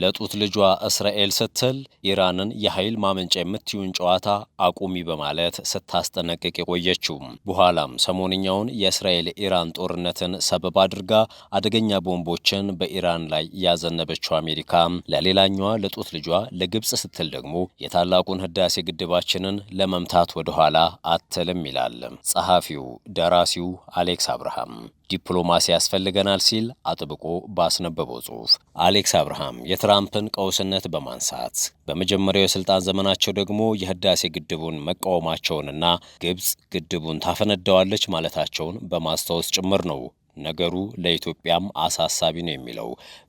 ለጡት ልጇ እስራኤል ስትል ኢራንን የኃይል ማመንጫ የምትዩን ጨዋታ አቁሚ በማለት ስታስጠነቅቅ የቆየችው በኋላም ሰሞንኛውን የእስራኤል ኢራን ጦርነትን ሰበብ አድርጋ አደገኛ ቦምቦችን በኢራን ላይ ያዘነበችው አሜሪካ ለሌላኛዋ ለጡት ልጇ ለግብፅ ስትል ደግሞ የታላቁን ህዳሴ ግድባችንን ለመምታት ወደኋላ አትልም ይላል ጸሐፊው ደራሲው አሌክስ አብርሃም። ዲፕሎማሲ ያስፈልገናል ሲል አጥብቆ ባስነበበው ጽሑፍ አሌክስ አብርሃም የትራምፕን ቀውስነት በማንሳት በመጀመሪያው የስልጣን ዘመናቸው ደግሞ የህዳሴ ግድቡን መቃወማቸውንና ግብፅ ግድቡን ታፈነዳዋለች ማለታቸውን በማስታወስ ጭምር ነው ነገሩ ለኢትዮጵያም አሳሳቢ ነው የሚለው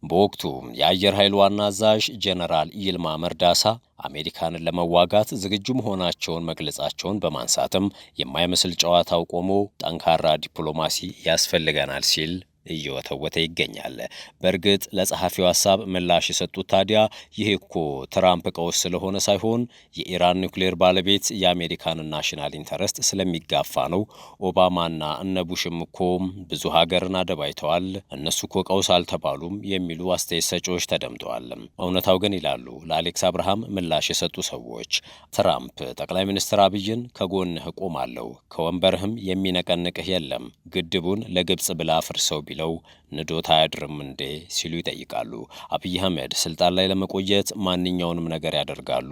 በወቅቱ የአየር ኃይል ዋና አዛዥ ጀነራል ይልማ መርዳሳ አሜሪካንን ለመዋጋት ዝግጁ መሆናቸውን መግለጻቸውን በማንሳትም የማይመስል ጨዋታው ቆሞ ጠንካራ ዲፕሎማሲ ያስፈልገናል ሲል እየወተወተ ይገኛል። በእርግጥ ለጸሐፊው ሀሳብ ምላሽ የሰጡት ታዲያ ይህ እኮ ትራምፕ ቀውስ ስለሆነ ሳይሆን የኢራን ኒውክሌር ባለቤት የአሜሪካን ናሽናል ኢንተረስት ስለሚጋፋ ነው። ኦባማና እነ ቡሽም እኮም ብዙ ሀገርን አደባይተዋል፣ እነሱ እኮ ቀውስ አልተባሉም የሚሉ አስተያየት ሰጪዎች ተደምጠዋል። እውነታው ግን ይላሉ ለአሌክስ አብርሃም ምላሽ የሰጡ ሰዎች፣ ትራምፕ ጠቅላይ ሚኒስትር አብይን ከጎንህ እቆማለሁ፣ ከወንበርህም የሚነቀንቅህ የለም፣ ግድቡን ለግብጽ ብላ ፍርሰው ቢል የሚለው ንዶት አያድርም እንዴ ሲሉ ይጠይቃሉ። አብይ አህመድ ስልጣን ላይ ለመቆየት ማንኛውንም ነገር ያደርጋሉ።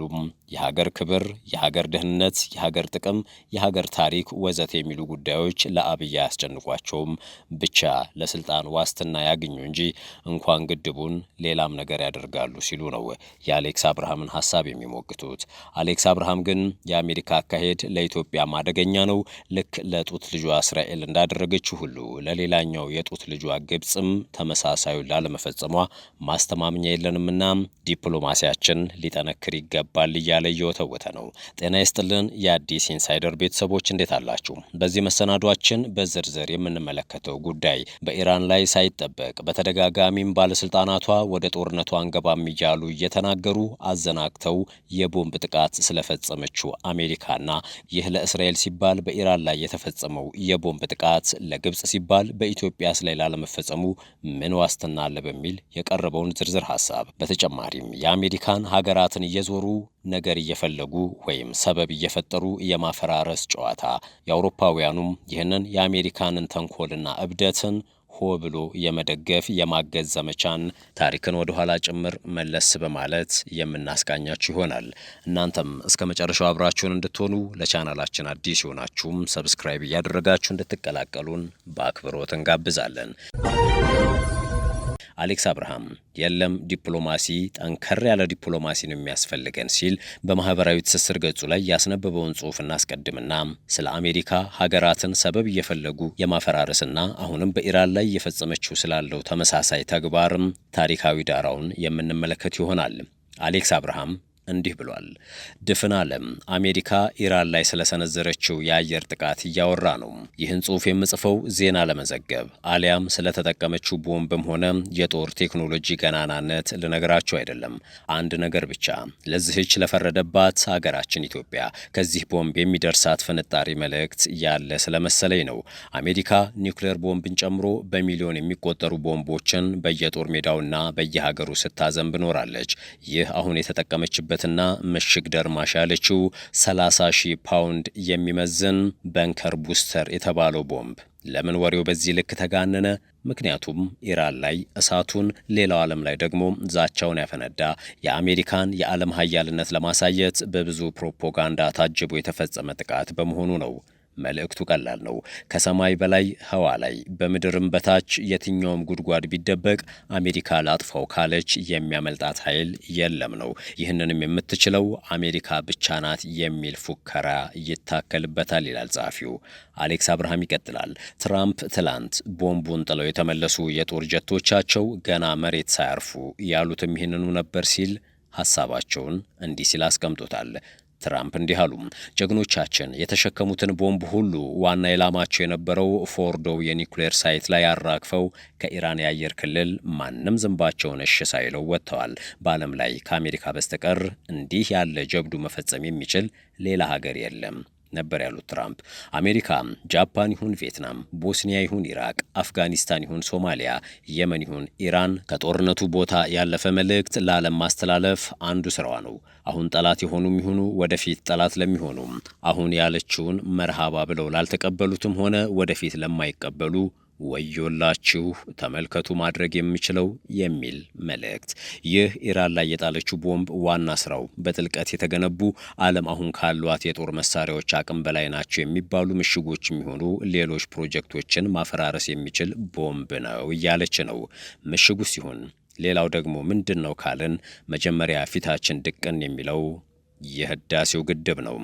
የሀገር ክብር፣ የሀገር ደህንነት፣ የሀገር ጥቅም፣ የሀገር ታሪክ ወዘት የሚሉ ጉዳዮች ለአብይ አያስጨንቋቸውም። ብቻ ለስልጣን ዋስትና ያግኙ እንጂ እንኳን ግድቡን ሌላም ነገር ያደርጋሉ ሲሉ ነው የአሌክስ አብርሃምን ሀሳብ የሚሞግቱት። አሌክስ አብርሃም ግን የአሜሪካ አካሄድ ለኢትዮጵያ ማደገኛ ነው፣ ልክ ለጡት ልጇ እስራኤል እንዳደረገችው ሁሉ ለሌላኛው የጡት ልጇ ግብጽም ተመሳሳዩን ላለመፈጸሟ ማስተማመኛ የለንምና ዲፕሎማሲያችን ሊጠነክር ይገባል እያለ እየወተወተ ነው። ጤና ይስጥልን የአዲስ ኢንሳይደር ቤተሰቦች እንዴት አላችሁ? በዚህ መሰናዷችን በዝርዝር የምንመለከተው ጉዳይ በኢራን ላይ ሳይጠበቅ በተደጋጋሚም ባለስልጣናቷ ወደ ጦርነቱ አንገባም እያሉ እየተናገሩ አዘናግተው የቦምብ ጥቃት ስለፈጸመችው አሜሪካና ይህ ለእስራኤል ሲባል በኢራን ላይ የተፈጸመው የቦምብ ጥቃት ለግብጽ ሲባል በኢትዮጵያ ስለ ላለመፈጸሙ ምን ዋስትና አለ በሚል የቀረበውን ዝርዝር ሀሳብ በተጨማሪም የአሜሪካን ሀገራትን እየዞሩ ነገር እየፈለጉ ወይም ሰበብ እየፈጠሩ የማፈራረስ ጨዋታ የአውሮፓውያኑም ይህንን የአሜሪካንን ተንኮልና እብደትን ሆ ብሎ የመደገፍ የማገዝ ዘመቻን ታሪክን ወደ ኋላ ጭምር መለስ በማለት የምናስቃኛችሁ ይሆናል። እናንተም እስከ መጨረሻው አብራችሁን እንድትሆኑ ለቻናላችን አዲስ የሆናችሁም ሰብስክራይብ እያደረጋችሁ እንድትቀላቀሉን በአክብሮት እንጋብዛለን። አሌክስ አብርሃም የለም ዲፕሎማሲ፣ ጠንከር ያለ ዲፕሎማሲ ነው የሚያስፈልገን ሲል በማህበራዊ ትስስር ገጹ ላይ ያስነበበውን ጽሑፍ እናስቀድምና ስለ አሜሪካ ሀገራትን ሰበብ እየፈለጉ የማፈራረስና አሁንም በኢራን ላይ እየፈጸመችው ስላለው ተመሳሳይ ተግባርም ታሪካዊ ዳራውን የምንመለከት ይሆናል። አሌክስ አብርሃም እንዲህ ብሏል። ድፍን ዓለም አሜሪካ ኢራን ላይ ስለሰነዘረችው የአየር ጥቃት እያወራ ነው። ይህን ጽሑፍ የምጽፈው ዜና ለመዘገብ አሊያም ስለተጠቀመችው ቦምብም ሆነ የጦር ቴክኖሎጂ ገናናነት ልነግራቸው አይደለም። አንድ ነገር ብቻ ለዚህች ለፈረደባት ሀገራችን ኢትዮጵያ ከዚህ ቦምብ የሚደርሳት ፍንጣሪ መልእክት ያለ ስለመሰለኝ ነው። አሜሪካ ኒውክሌር ቦምብን ጨምሮ በሚሊዮን የሚቆጠሩ ቦምቦችን በየጦር ሜዳውና በየሀገሩ ስታዘንብ ኖራለች። ይህ አሁን የተጠቀመችበት ያለበትና ምሽግ ደርማሽ ያለችው 30 ሺህ ፓውንድ የሚመዝን በንከር ቡስተር የተባለው ቦምብ ለምን ወሬው በዚህ ልክ ተጋነነ? ምክንያቱም ኢራን ላይ እሳቱን ሌላው ዓለም ላይ ደግሞ ዛቻውን ያፈነዳ የአሜሪካን የዓለም ሀያልነት ለማሳየት በብዙ ፕሮፓጋንዳ ታጅቦ የተፈጸመ ጥቃት በመሆኑ ነው። መልእክቱ ቀላል ነው። ከሰማይ በላይ ህዋ ላይ በምድርም በታች የትኛውም ጉድጓድ ቢደበቅ አሜሪካ ላጥፋው ካለች የሚያመልጣት ኃይል የለም ነው። ይህንንም የምትችለው አሜሪካ ብቻ ናት የሚል ፉከራ ይታከልበታል ይላል ጸሐፊው። አሌክስ አብርሃም ይቀጥላል። ትራምፕ ትላንት ቦምቡን ጥለው የተመለሱ የጦር ጀቶቻቸው ገና መሬት ሳያርፉ ያሉትም ይህንኑ ነበር ሲል ሀሳባቸውን እንዲህ ሲል አስቀምጦታል። ትራምፕ እንዲህ አሉ። ጀግኖቻችን የተሸከሙትን ቦምብ ሁሉ ዋና ኢላማቸው የነበረው ፎርዶ የኒውክሌር ሳይት ላይ አራግፈው ከኢራን የአየር ክልል ማንም ዝንባቸውን እሽ ሳይለው ወጥተዋል። በዓለም ላይ ከአሜሪካ በስተቀር እንዲህ ያለ ጀብዱ መፈጸም የሚችል ሌላ ሀገር የለም ነበር ያሉት ትራምፕ። አሜሪካ ጃፓን ይሁን ቪየትናም፣ ቦስኒያ ይሁን ኢራቅ፣ አፍጋኒስታን ይሁን ሶማሊያ፣ የመን ይሁን ኢራን ከጦርነቱ ቦታ ያለፈ መልእክት ለዓለም ማስተላለፍ አንዱ ስራዋ ነው። አሁን ጠላት የሆኑም ይሁኑ ወደፊት ጠላት ለሚሆኑም አሁን ያለችውን መርሃባ ብለው ላልተቀበሉትም ሆነ ወደፊት ለማይቀበሉ ወዮላችሁ ተመልከቱ ማድረግ የሚችለው የሚል መልእክት። ይህ ኢራን ላይ የጣለችው ቦምብ ዋና ስራው በጥልቀት የተገነቡ ዓለም አሁን ካሏት የጦር መሳሪያዎች አቅም በላይ ናቸው የሚባሉ ምሽጎች የሚሆኑ ሌሎች ፕሮጀክቶችን ማፈራረስ የሚችል ቦምብ ነው እያለች ነው። ምሽጉ ሲሆን ሌላው ደግሞ ምንድን ነው ካልን መጀመሪያ ፊታችን ድቅን የሚለው የህዳሴው ግድብ ነው።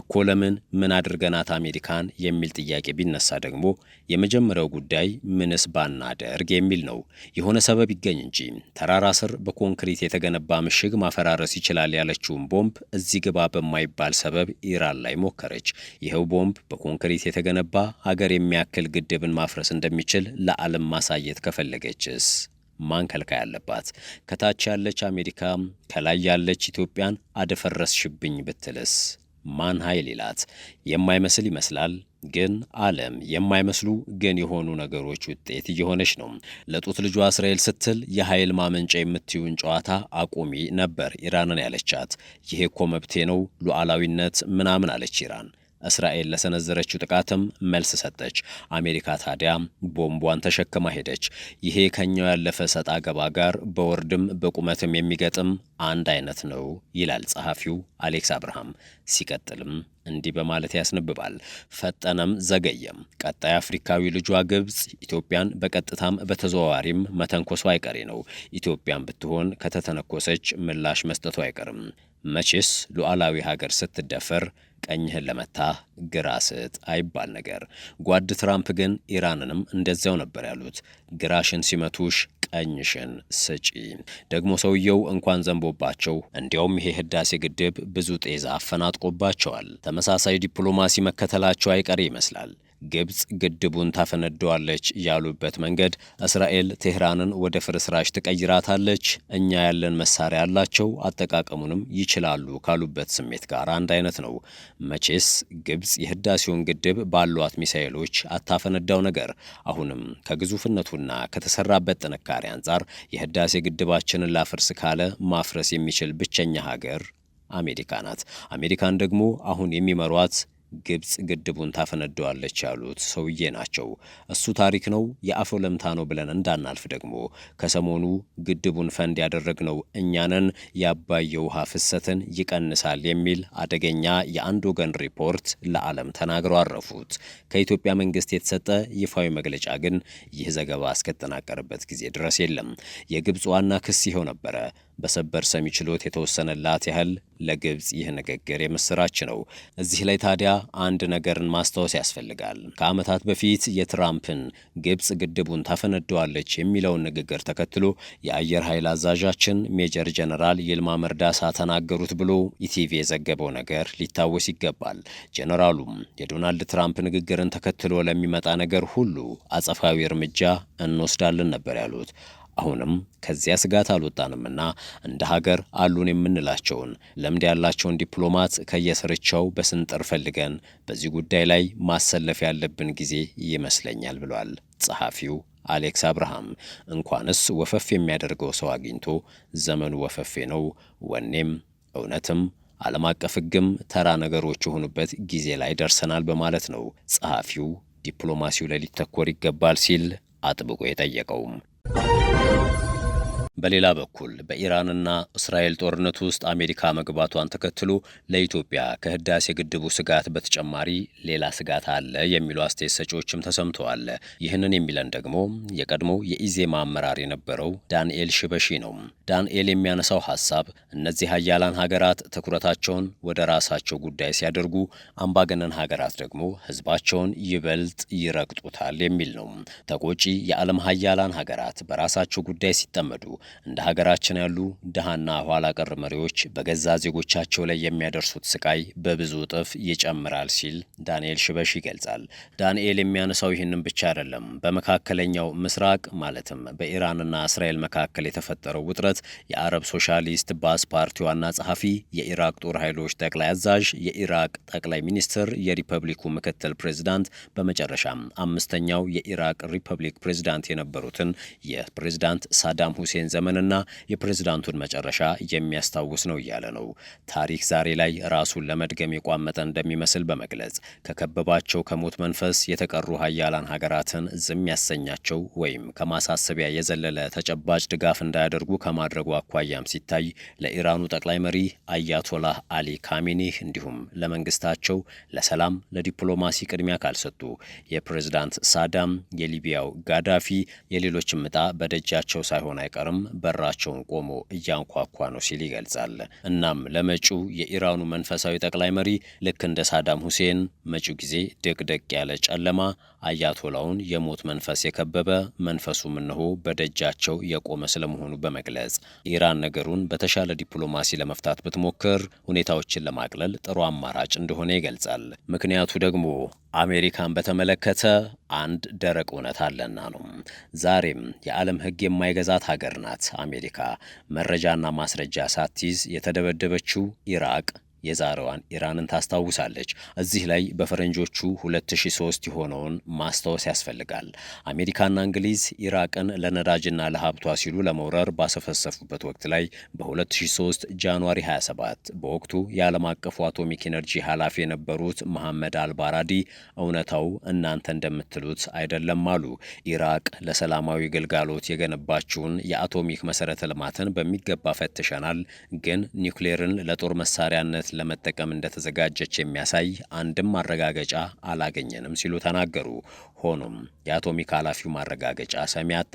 እኮ ለምን ምን አድርገናት አሜሪካን የሚል ጥያቄ ቢነሳ ደግሞ የመጀመሪያው ጉዳይ ምንስ ባናደርግ የሚል ነው። የሆነ ሰበብ ይገኝ እንጂ ተራራ ስር በኮንክሪት የተገነባ ምሽግ ማፈራረስ ይችላል ያለችውን ቦምብ እዚህ ግባ በማይባል ሰበብ ኢራን ላይ ሞከረች። ይኸው ቦምብ በኮንክሪት የተገነባ አገር የሚያክል ግድብን ማፍረስ እንደሚችል ለዓለም ማሳየት ከፈለገችስ ከልካይ አለባት። ከታች ያለች አሜሪካ ከላይ ያለች ኢትዮጵያን አደፈረስሽብኝ ብትልስ ማን ኃይል ይላት? የማይመስል ይመስላል ግን ዓለም የማይመስሉ ግን የሆኑ ነገሮች ውጤት እየሆነች ነው። ለጡት ልጇ እስራኤል ስትል የኃይል ማመንጫ የምትዩን ጨዋታ አቁሚ ነበር ኢራንን ያለቻት። ይሄ እኮ መብቴ ነው ሉዓላዊነት ምናምን አለች ኢራን። እስራኤል ለሰነዘረችው ጥቃትም መልስ ሰጠች። አሜሪካ ታዲያ ቦምቧን ተሸክማ ሄደች። ይሄ ከኛው ያለፈ ሰጣ ገባ ጋር በወርድም በቁመትም የሚገጥም አንድ አይነት ነው ይላል ጸሐፊው አሌክስ አብርሃም። ሲቀጥልም እንዲህ በማለት ያስነብባል። ፈጠነም ዘገየም ቀጣይ አፍሪካዊ ልጇ ግብፅ ኢትዮጵያን በቀጥታም በተዘዋዋሪም መተንኮሷ አይቀሬ ነው። ኢትዮጵያን ብትሆን ከተተነኮሰች ምላሽ መስጠቱ አይቀርም። መቼስ ሉዓላዊ ሀገር ስትደፈር ቀኝህን ለመታ ግራ ስጥ አይባል ነገር። ጓድ ትራምፕ ግን ኢራንንም እንደዚያው ነበር ያሉት። ግራሽን ሲመቱሽ ቀኝሽን ስጪ። ደግሞ ሰውየው እንኳን ዘንቦባቸው፣ እንዲያውም ይሄ ህዳሴ ግድብ ብዙ ጤዛ አፈናጥቆባቸዋል። ተመሳሳይ ዲፕሎማሲ መከተላቸው አይቀሬ ይመስላል። ግብፅ ግድቡን ታፈነደዋለች ያሉበት መንገድ እስራኤል ቴህራንን ወደ ፍርስራሽ ትቀይራታለች፣ እኛ ያለን መሳሪያ ያላቸው አጠቃቀሙንም ይችላሉ ካሉበት ስሜት ጋር አንድ አይነት ነው። መቼስ ግብፅ የህዳሴውን ግድብ ባሏት ሚሳኤሎች አታፈነዳው ነገር። አሁንም ከግዙፍነቱና ከተሰራበት ጥንካሬ አንጻር የህዳሴ ግድባችንን ላፍርስ ካለ ማፍረስ የሚችል ብቸኛ ሀገር አሜሪካ ናት። አሜሪካን ደግሞ አሁን የሚመሯት ግብፅ ግድቡን ታፈነደዋለች ያሉት ሰውዬ ናቸው። እሱ ታሪክ ነው፣ የአፍ ለምታ ነው ብለን እንዳናልፍ ደግሞ ከሰሞኑ ግድቡን ፈንድ ያደረግነው እኛንን የአባይ የውሃ ፍሰትን ይቀንሳል የሚል አደገኛ የአንድ ወገን ሪፖርት ለዓለም ተናግረው አረፉት። ከኢትዮጵያ መንግስት የተሰጠ ይፋዊ መግለጫ ግን ይህ ዘገባ እስከተጠናቀረበት ጊዜ ድረስ የለም። የግብፅ ዋና ክስ ይኸው ነበረ። በሰበር ሰሚ ችሎት የተወሰነላት ያህል ለግብፅ ይህ ንግግር የምስራች ነው። እዚህ ላይ ታዲያ አንድ ነገርን ማስታወስ ያስፈልጋል። ከዓመታት በፊት የትራምፕን ግብፅ ግድቡን ታፈነደዋለች የሚለውን ንግግር ተከትሎ የአየር ኃይል አዛዣችን ሜጀር ጀነራል ይልማ መርዳሳ ተናገሩት ብሎ ኢቲቪ የዘገበው ነገር ሊታወስ ይገባል። ጀነራሉም የዶናልድ ትራምፕ ንግግርን ተከትሎ ለሚመጣ ነገር ሁሉ አጸፋዊ እርምጃ እንወስዳለን ነበር ያሉት። አሁንም ከዚያ ስጋት አልወጣንምና እንደ ሀገር አሉን የምንላቸውን ልምድ ያላቸውን ዲፕሎማት ከየስርቻው በስንጥር ፈልገን በዚህ ጉዳይ ላይ ማሰለፍ ያለብን ጊዜ ይመስለኛል ብሏል ጸሐፊው አሌክስ አብርሃም። እንኳንስ ወፈፍ የሚያደርገው ሰው አግኝቶ ዘመኑ ወፈፌ ነው። ወኔም እውነትም ዓለም አቀፍ ሕግም ተራ ነገሮች የሆኑበት ጊዜ ላይ ደርሰናል በማለት ነው ጸሐፊው ዲፕሎማሲው ላይ ሊተኮር ይገባል ሲል አጥብቆ የጠየቀውም በሌላ በኩል በኢራንና እስራኤል ጦርነት ውስጥ አሜሪካ መግባቷን ተከትሎ ለኢትዮጵያ ከህዳሴ ግድቡ ስጋት በተጨማሪ ሌላ ስጋት አለ የሚሉ አስተያየት ሰጪዎችም ተሰምተዋል። ይህንን የሚለን ደግሞ የቀድሞ የኢዜማ አመራር የነበረው ዳንኤል ሽበሺ ነው። ዳንኤል የሚያነሳው ሀሳብ እነዚህ ሀያላን ሀገራት ትኩረታቸውን ወደ ራሳቸው ጉዳይ ሲያደርጉ፣ አምባገነን ሀገራት ደግሞ ህዝባቸውን ይበልጥ ይረግጡታል የሚል ነው። ተቆጪ የዓለም ሀያላን ሀገራት በራሳቸው ጉዳይ ሲጠመዱ እንደ ሀገራችን ያሉ ድሃና ኋላ ቀር መሪዎች በገዛ ዜጎቻቸው ላይ የሚያደርሱት ስቃይ በብዙ እጥፍ ይጨምራል ሲል ዳንኤል ሽበሽ ይገልጻል። ዳንኤል የሚያነሳው ይህንን ብቻ አይደለም። በመካከለኛው ምስራቅ ማለትም በኢራንና እስራኤል መካከል የተፈጠረው ውጥረት የአረብ ሶሻሊስት ባስ ፓርቲ ዋና ጸሐፊ፣ የኢራቅ ጦር ኃይሎች ጠቅላይ አዛዥ፣ የኢራቅ ጠቅላይ ሚኒስትር፣ የሪፐብሊኩ ምክትል ፕሬዝዳንት፣ በመጨረሻም አምስተኛው የኢራቅ ሪፐብሊክ ፕሬዝዳንት የነበሩትን የፕሬዝዳንት ሳዳም ሁሴን ዘመንና የፕሬዝዳንቱን መጨረሻ የሚያስታውስ ነው እያለ ነው። ታሪክ ዛሬ ላይ ራሱን ለመድገም የቋመጠ እንደሚመስል በመግለጽ ከከበባቸው ከሞት መንፈስ የተቀሩ ሀያላን ሀገራትን ዝም ያሰኛቸው ወይም ከማሳሰቢያ የዘለለ ተጨባጭ ድጋፍ እንዳያደርጉ ከማድረጉ አኳያም ሲታይ ለኢራኑ ጠቅላይ መሪ አያቶላህ አሊ ካሚኒህ እንዲሁም ለመንግስታቸው ለሰላም፣ ለዲፕሎማሲ ቅድሚያ ካልሰጡ የፕሬዝዳንት ሳዳም፣ የሊቢያው ጋዳፊ፣ የሌሎችም ምጣ በደጃቸው ሳይሆን አይቀርም በራቸውን ቆሞ እያንኳኳ ነው ሲል ይገልጻል። እናም ለመጪው የኢራኑ መንፈሳዊ ጠቅላይ መሪ ልክ እንደ ሳዳም ሁሴን መጪው ጊዜ ድቅደቅ ያለ ጨለማ አያቶላውን የሞት መንፈስ የከበበ መንፈሱም እነሆ በደጃቸው የቆመ ስለመሆኑ በመግለጽ ኢራን ነገሩን በተሻለ ዲፕሎማሲ ለመፍታት ብትሞክር ሁኔታዎችን ለማቅለል ጥሩ አማራጭ እንደሆነ ይገልጻል። ምክንያቱ ደግሞ አሜሪካን በተመለከተ አንድ ደረቅ እውነት አለና ነው። ዛሬም የዓለም ሕግ የማይገዛት ሀገር ናት አሜሪካ። መረጃና ማስረጃ ሳትይዝ የተደበደበችው ኢራቅ የዛሬዋን ኢራንን ታስታውሳለች። እዚህ ላይ በፈረንጆቹ 2003 የሆነውን ማስታወስ ያስፈልጋል። አሜሪካና እንግሊዝ ኢራቅን ለነዳጅና ለሀብቷ ሲሉ ለመውረር ባሰፈሰፉበት ወቅት ላይ በ2003 ጃንዋሪ 27 በወቅቱ የዓለም አቀፉ አቶሚክ ኤነርጂ ኃላፊ የነበሩት መሐመድ አልባራዲ እውነታው እናንተ እንደምትሉት አይደለም አሉ። ኢራቅ ለሰላማዊ ግልጋሎት የገነባችውን የአቶሚክ መሰረተ ልማትን በሚገባ ፈትሸናል፣ ግን ኒውክሌርን ለጦር መሳሪያነት ለመጠቀም እንደተዘጋጀች የሚያሳይ አንድም ማረጋገጫ አላገኘንም ሲሉ ተናገሩ። ሆኖም የአቶሚክ ኃላፊው ማረጋገጫ ሰሚ አጣ።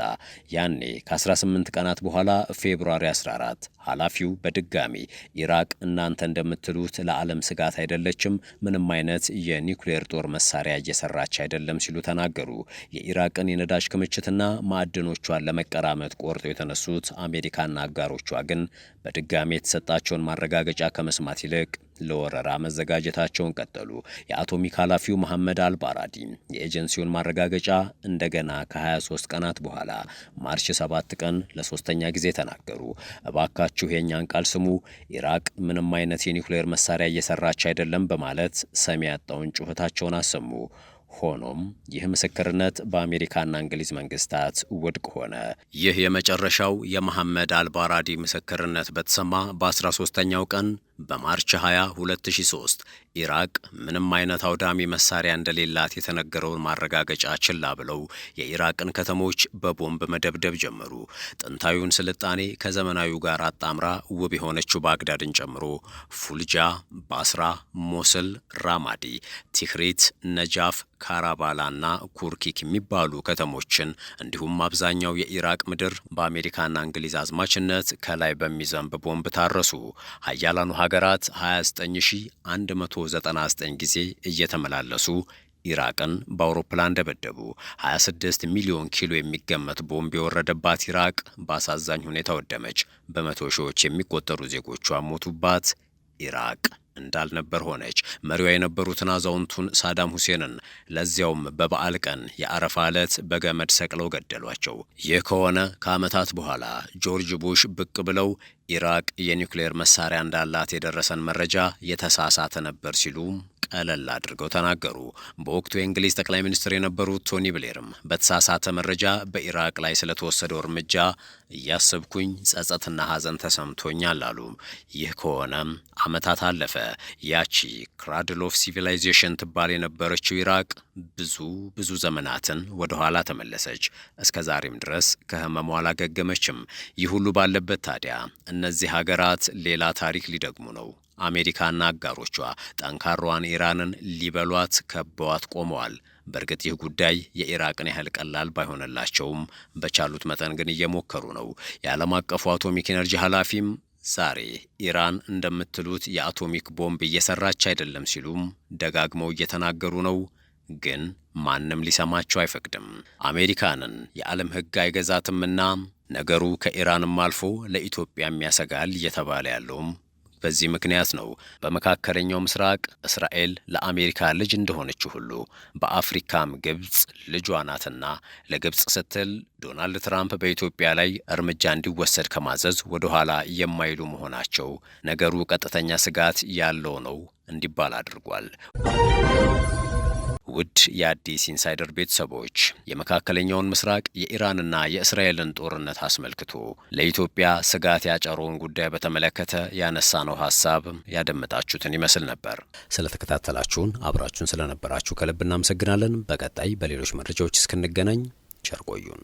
ያኔ ከ18 ቀናት በኋላ ፌብሩዋሪ 14 ኃላፊው በድጋሚ ኢራቅ እናንተ እንደምትሉት ለዓለም ስጋት አይደለችም፣ ምንም አይነት የኒውክሌር ጦር መሳሪያ እየሰራች አይደለም ሲሉ ተናገሩ። የኢራቅን የነዳጅ ክምችትና ማዕድኖቿን ለመቀራመት ቆርጦ የተነሱት አሜሪካና አጋሮቿ ግን በድጋሚ የተሰጣቸውን ማረጋገጫ ከመስማት ይልቅ ለወረራ መዘጋጀታቸውን ቀጠሉ። የአቶሚክ ኃላፊው መሐመድ አልባራዲ የኤጀንሲውን ማረጋገጫ እንደገና ከ23 ቀናት በኋላ ማርች 7 ቀን ለሶስተኛ ጊዜ ተናገሩ። እባካችሁ የእኛን ቃል ስሙ፣ ኢራቅ ምንም አይነት የኒውክሌር መሳሪያ እየሰራች አይደለም በማለት ሰሚ ያጣውን ጩኸታቸውን አሰሙ። ሆኖም ይህ ምስክርነት በአሜሪካና እንግሊዝ መንግስታት ውድቅ ሆነ። ይህ የመጨረሻው የመሐመድ አልባራዲ ምስክርነት በተሰማ በ13ኛው ቀን በማርች 20 2003 ኢራቅ ምንም አይነት አውዳሚ መሳሪያ እንደሌላት የተነገረውን ማረጋገጫ ችላ ብለው የኢራቅን ከተሞች በቦምብ መደብደብ ጀመሩ። ጥንታዊውን ስልጣኔ ከዘመናዊው ጋር አጣምራ ውብ የሆነችው ባግዳድን ጨምሮ ፉልጃ፣ ባስራ፣ ሞስል፣ ራማዲ፣ ቲክሪት፣ ነጃፍ ካራባላና ኩርኪክ የሚባሉ ከተሞችን እንዲሁም አብዛኛው የኢራቅ ምድር በአሜሪካና እንግሊዝ አዝማችነት ከላይ በሚዘንብ ቦምብ ታረሱ። ሀያላኑ ሀገራት 29199 ጊዜ እየተመላለሱ ኢራቅን በአውሮፕላን ደበደቡ። 26 ሚሊዮን ኪሎ የሚገመት ቦምብ የወረደባት ኢራቅ በአሳዛኝ ሁኔታ ወደመች። በመቶ ሺዎች የሚቆጠሩ ዜጎቿ ሞቱባት። ኢራቅ እንዳልነበር ሆነች። መሪዋ የነበሩትን አዛውንቱን ሳዳም ሁሴንን ለዚያውም በበዓል ቀን የአረፋ ዕለት በገመድ ሰቅለው ገደሏቸው። ይህ ከሆነ ከዓመታት በኋላ ጆርጅ ቡሽ ብቅ ብለው ኢራቅ የኒውክሌር መሳሪያ እንዳላት የደረሰን መረጃ የተሳሳተ ነበር ሲሉም ቀለል አድርገው ተናገሩ። በወቅቱ የእንግሊዝ ጠቅላይ ሚኒስትር የነበሩት ቶኒ ብሌርም በተሳሳተ መረጃ በኢራቅ ላይ ስለተወሰደው እርምጃ እያሰብኩኝ ጸጸትና ሐዘን ተሰምቶኛል አሉ። ይህ ከሆነም ዓመታት አለፈ። ያቺ ክራድል ኦፍ ሲቪላይዜሽን ትባል የነበረችው ኢራቅ ብዙ ብዙ ዘመናትን ወደ ኋላ ተመለሰች። እስከ ዛሬም ድረስ ከህመሙ አላገገመችም። ይህ ሁሉ ባለበት ታዲያ እነዚህ ሀገራት ሌላ ታሪክ ሊደግሙ ነው። አሜሪካና አጋሮቿ ጠንካራዋን ኢራንን ሊበሏት ከበዋት ቆመዋል። በእርግጥ ይህ ጉዳይ የኢራቅን ያህል ቀላል ባይሆንላቸውም በቻሉት መጠን ግን እየሞከሩ ነው። የዓለም አቀፉ አቶሚክ ኤነርጂ ኃላፊም ዛሬ ኢራን እንደምትሉት የአቶሚክ ቦምብ እየሰራች አይደለም ሲሉም ደጋግመው እየተናገሩ ነው። ግን ማንም ሊሰማቸው አይፈቅድም። አሜሪካንን የዓለም ሕግ አይገዛትምና ነገሩ ከኢራንም አልፎ ለኢትዮጵያም ያሰጋል እየተባለ ያለውም በዚህ ምክንያት ነው በመካከለኛው ምስራቅ እስራኤል ለአሜሪካ ልጅ እንደሆነች ሁሉ በአፍሪካም ግብፅ ልጇ ናትና ለግብፅ ስትል ዶናልድ ትራምፕ በኢትዮጵያ ላይ እርምጃ እንዲወሰድ ከማዘዝ ወደኋላ የማይሉ መሆናቸው ነገሩ ቀጥተኛ ስጋት ያለው ነው እንዲባል አድርጓል። ውድ የአዲስ ኢንሳይደር ቤተሰቦች የመካከለኛውን ምስራቅ የኢራንና የእስራኤልን ጦርነት አስመልክቶ ለኢትዮጵያ ስጋት ያጫረውን ጉዳይ በተመለከተ ያነሳነው ሀሳብ ያደመጣችሁትን ይመስል ነበር። ስለተከታተላችሁን አብራችሁን ስለነበራችሁ ከልብ እናመሰግናለን። በቀጣይ በሌሎች መረጃዎች እስክንገናኝ ቸር ቆዩን።